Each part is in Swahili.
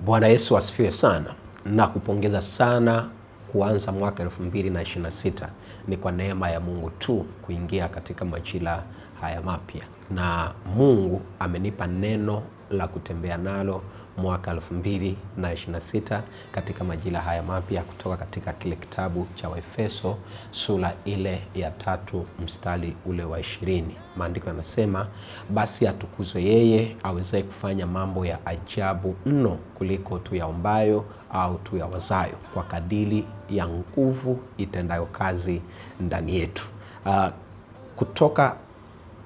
Bwana Yesu asifiwe sana na kupongeza sana kuanza mwaka 2026. Ni kwa neema ya Mungu tu kuingia katika majira haya mapya, na Mungu amenipa neno la kutembea nalo mwaka 2026 katika majira haya mapya kutoka katika kile kitabu cha Waefeso sura ile ya tatu mstari ule wa 20 Maandiko yanasema basi atukuzwe yeye awezaye kufanya mambo ya ajabu mno kuliko tuyaombayo au tuyawazayo, kwa kadili ya nguvu itendayo kazi ndani yetu. Uh, kutoka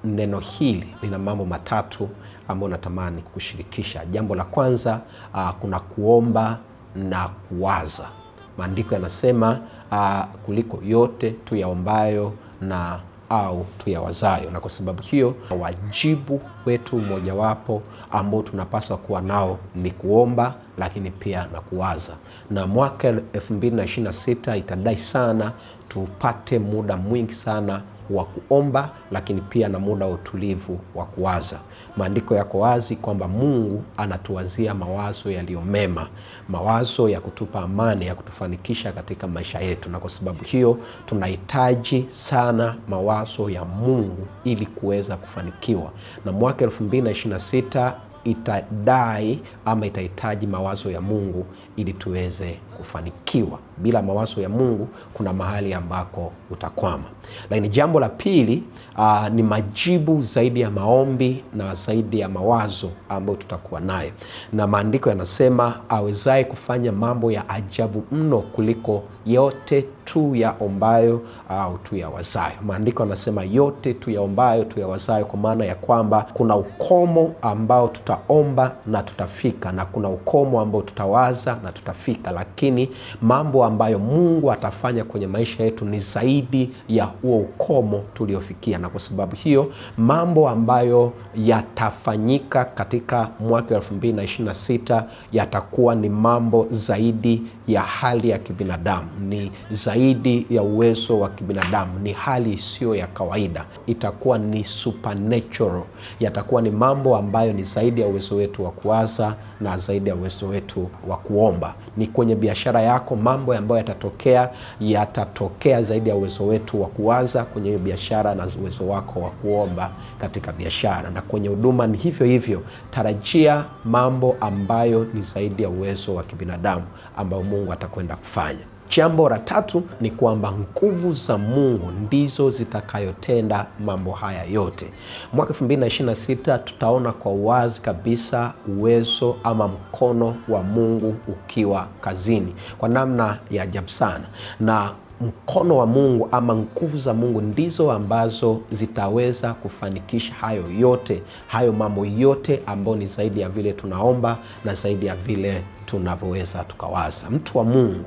neno hili lina mambo matatu ambayo natamani kukushirikisha. Jambo la kwanza, uh, kuna kuomba na kuwaza. Maandiko yanasema uh, kuliko yote tuyaombayo na au tuyawazayo, na kwa sababu hiyo wajibu wetu mmojawapo ambao tunapaswa kuwa nao ni kuomba lakini pia na kuwaza, na mwaka 2026 itadai sana tupate muda mwingi sana wa kuomba, lakini pia na muda wa utulivu wa kuwaza. Maandiko yako wazi kwamba Mungu anatuwazia mawazo yaliyo mema, mawazo ya kutupa amani, ya kutufanikisha katika maisha yetu, na kwa sababu hiyo tunahitaji sana mawazo ya Mungu ili kuweza kufanikiwa, na mwaka 2026 itadai ama itahitaji mawazo ya Mungu ili tuweze kufanikiwa. Bila mawazo ya Mungu kuna mahali ambako utakwama. Lakini jambo la pili uh, ni majibu zaidi ya maombi na zaidi ya mawazo ambayo tutakuwa nayo, na maandiko yanasema awezaye kufanya mambo ya ajabu mno kuliko yote tu ya ombayo au ah, tu ya wazayo. Maandiko yanasema yote tu ya ombayo tu ya wazayo, kwa maana ya kwamba kuna ukomo ambao tutaomba na tutafika, na kuna ukomo ambao tutawaza na tutafika, lakini lakini mambo ambayo Mungu atafanya kwenye maisha yetu ni zaidi ya huo ukomo tuliofikia, na kwa sababu hiyo mambo ambayo yatafanyika katika mwaka 2026 yatakuwa ni mambo zaidi ya hali ya kibinadamu, ni zaidi ya uwezo wa kibinadamu, ni hali isiyo ya kawaida, itakuwa ni supernatural, yatakuwa ni mambo ambayo ni zaidi ya uwezo wetu wa kuwaza na zaidi ya uwezo wetu wa kuomba. Ni kwenye biashara yako, mambo ambayo yatatokea yatatokea zaidi ya uwezo wetu wa kuwaza kwenye hiyo biashara na uwezo wako wa kuomba katika biashara. Na kwenye huduma ni hivyo hivyo, tarajia mambo ambayo ni zaidi ya uwezo wa kibinadamu ambayo Mungu atakwenda kufanya. Jambo la tatu ni kwamba nguvu za Mungu ndizo zitakayotenda mambo haya yote. Mwaka 2026 tutaona kwa wazi kabisa uwezo ama mkono wa Mungu ukiwa kazini kwa namna ya ajabu sana na mkono wa Mungu ama nguvu za Mungu ndizo ambazo zitaweza kufanikisha hayo yote, hayo mambo yote ambayo ni zaidi ya vile tunaomba na zaidi ya vile tunavyoweza tukawaza. Mtu wa Mungu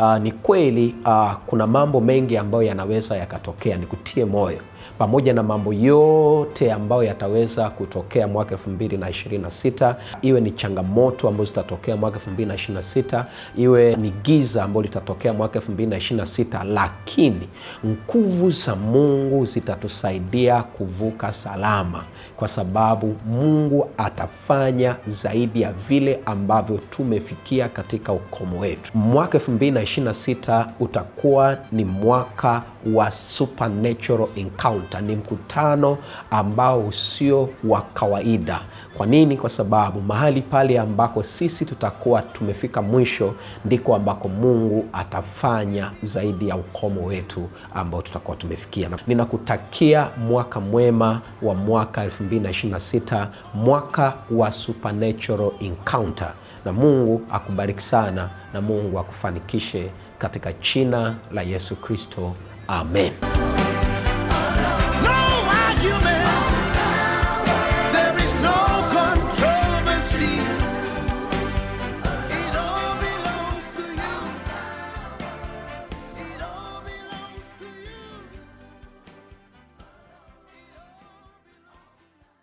uh, ni kweli uh, kuna mambo mengi ambayo yanaweza yakatokea niwatie moyo pamoja na mambo yote ambayo yataweza kutokea mwaka 2026, iwe ni changamoto ambazo zitatokea mwaka 2026, iwe ni giza ambalo litatokea mwaka 2026, lakini nguvu za Mungu zitatusaidia kuvuka salama, kwa sababu Mungu atafanya zaidi ya vile ambavyo tumefikia katika ukomo wetu. Mwaka 2026 utakuwa ni mwaka wa supernatural Supernatural Encounter. Ni mkutano ambao usio wa kawaida. Kwa nini? Kwa sababu mahali pale ambako sisi tutakuwa tumefika mwisho ndiko ambako Mungu atafanya zaidi ya ukomo wetu ambao tutakuwa tumefikia. Ninakutakia mwaka mwema wa mwaka 2026, mwaka wa Supernatural Encounter, na Mungu akubariki sana na Mungu akufanikishe katika china la Yesu Kristo, amen.